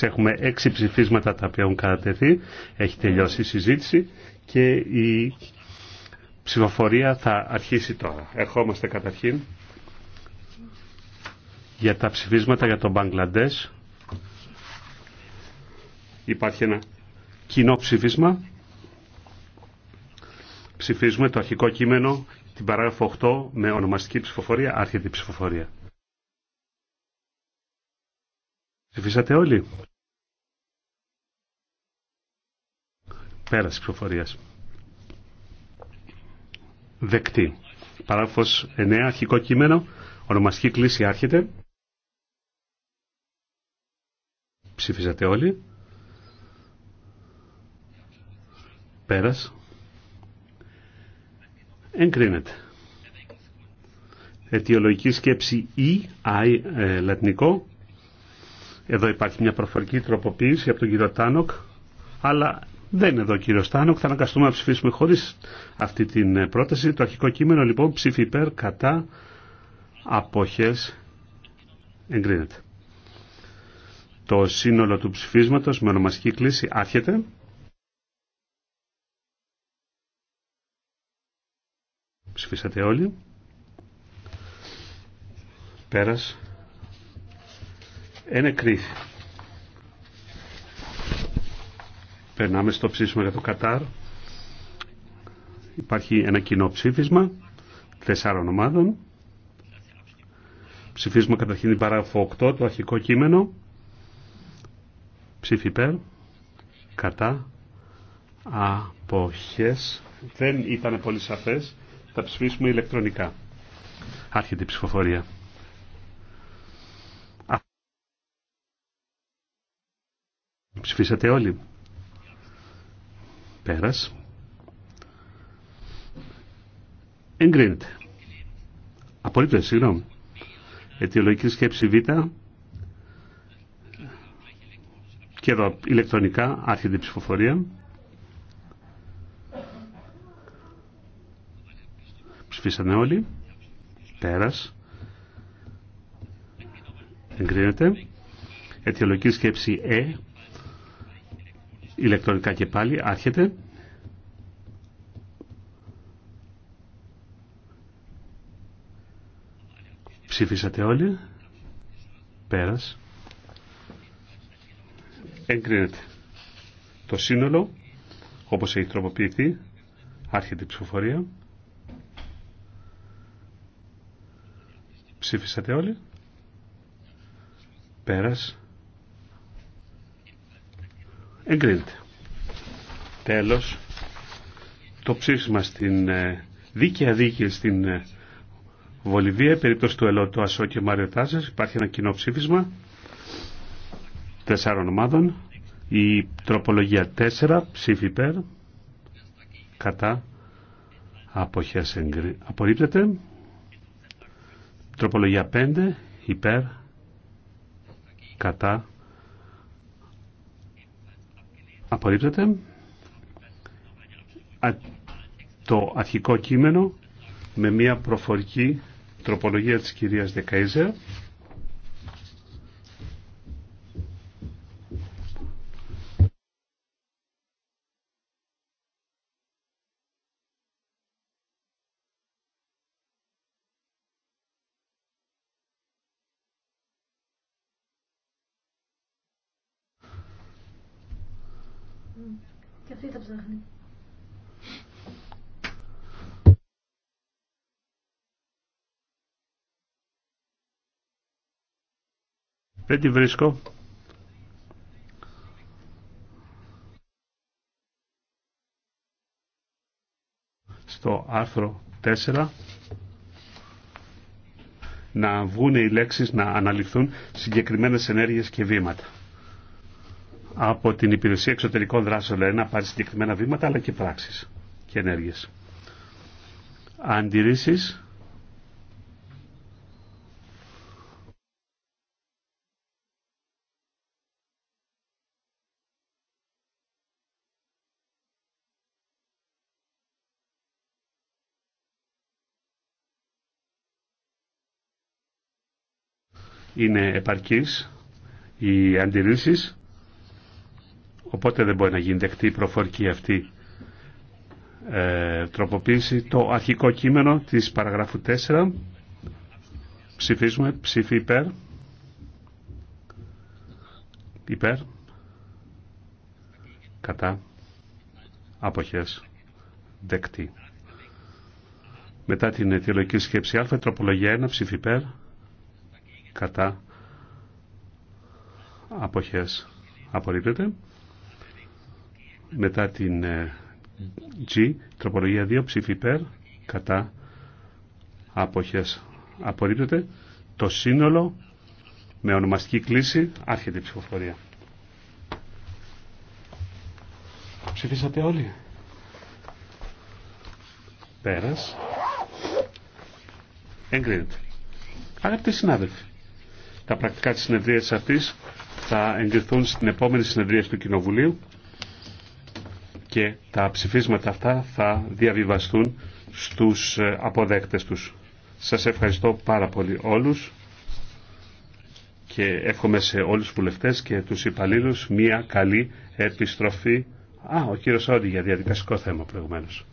Έχουμε έξι ψηφίσματα τα οποία έχουν κατατεθεί. Έχει τελειώσει η συζήτηση και η ψηφοφορία θα αρχίσει τώρα. Ερχόμαστε καταρχήν για τα ψηφίσματα για τον Μπαγκλαντές. Υπάρχει ένα κοινό ψήφισμα. Ψηφίζουμε το αρχικό κείμενο, την παράγραφο 8, με ονομαστική ψηφοφορία, άρχεται η ψηφοφορία. Ψηφίσατε όλοι. Πέραση ψηφοφορία. Δεκτή. Παράγραφο 9, αρχικό κείμενο. Ονομαστική κλίση άρχεται. Ψηφίσατε όλοι. Πέρας. Εγκρίνεται. Αιτιολογική σκέψη η I, ε, λατινικό, εδώ υπάρχει μια προφορική τροποποίηση από τον κύριο Τάνοκ, αλλά δεν είναι εδώ ο κύριο Τάνοκ. Θα αναγκαστούμε να ψηφίσουμε χωρί αυτή την ε, πρόταση. Το αρχικό κείμενο λοιπόν ψήφι υπέρ κατά αποχέ εγκρίνεται. Το σύνολο του ψηφίσματος με ονομαστική κλίση άρχεται. Ψηφίσατε όλοι. Πέρας κρίση. Περνάμε στο ψήφισμα για το Κατάρ. Υπάρχει ένα κοινό ψήφισμα τεσσάρων ομάδων. Ψηφίζουμε καταρχήν την παράγραφο 8, το αρχικό κείμενο. Ψήφι υπέρ, κατά, αποχές. Δεν ήταν πολύ σαφές. Θα ψηφίσουμε ηλεκτρονικά. Άρχεται η ψηφοφορία. Ψηφίσατε όλοι. Πέρας. Εγκρίνεται. Απολύτω, συγγνώμη. Αιτιολογική σκέψη Β. Και εδώ ηλεκτρονικά άρχεται η ψηφοφορία. Ψηφίσανε όλοι. Πέρας. Εγκρίνεται. Αιτιολογική σκέψη Ε ηλεκτρονικά και πάλι άρχεται. Ψήφισατε όλοι. Πέρας. Εγκρίνεται. Το σύνολο, όπως έχει τροποποιηθεί, άρχεται η ψηφοφορία. Ψήφισατε όλοι. Πέρας. Εγκρίνεται. Τέλος, το ψήφισμα στην ε, δίκαια δίκη στην ε, Βολιβία, περίπτωση του Ελότο Ασό και Μάριο υπάρχει ένα κοινό ψήφισμα τεσσάρων ομάδων. Η τροπολογία 4, ψήφι υπέρ, κατά, αποχές απορρίπτεται. Τροπολογία 5, υπέρ, κατά, Απορρίπτεται. Το αρχικό κείμενο με μια προφορική τροπολογία της κυρίας Δεκαίζερ. Και αυτή θα ψάχνει. Δεν τη βρίσκω. Στο άρθρο 4 να βγουν οι λέξεις να αναλυφθούν συγκεκριμένες ενέργειες και βήματα από την Υπηρεσία Εξωτερικών Δράσεων λέει, να πάρει συγκεκριμένα βήματα αλλά και πράξεις και ενέργειες. Αντιρρήσεις. Είναι επαρκής οι αντιρρήσεις. Οπότε δεν μπορεί να γίνει δεκτή η προφορική αυτή ε, τροποποίηση. Το αρχικό κείμενο της παραγράφου 4 ψηφίζουμε ψήφι υπέρ. Υπέρ. Κατά. Αποχές. Δεκτή. Μετά την αιτιολογική σκέψη α, τροπολογία 1, ψήφι υπέρ. Κατά. Αποχές. Απορρίπτεται μετά την ε, G, τροπολογία 2, ψήφι υπέρ, κατά, αποχές, απορρίπτεται, το σύνολο με ονομαστική κλίση, άρχεται η ψηφοφορία. Ψηφίσατε όλοι. Πέρας. Εγκρίνεται. Αγαπητοί συνάδελφοι, τα πρακτικά της συνεδρίας αυτής θα εγκριθούν στην επόμενη συνεδρία του Κοινοβουλίου και τα ψηφίσματα αυτά θα διαβιβαστούν στους ε, αποδέκτες τους. Σας ευχαριστώ πάρα πολύ όλους και εύχομαι σε όλους τους βουλευτές και τους υπαλλήλους μια καλή επιστροφή. Α, ο κύριος Όντι για διαδικαστικό θέμα προηγουμένως.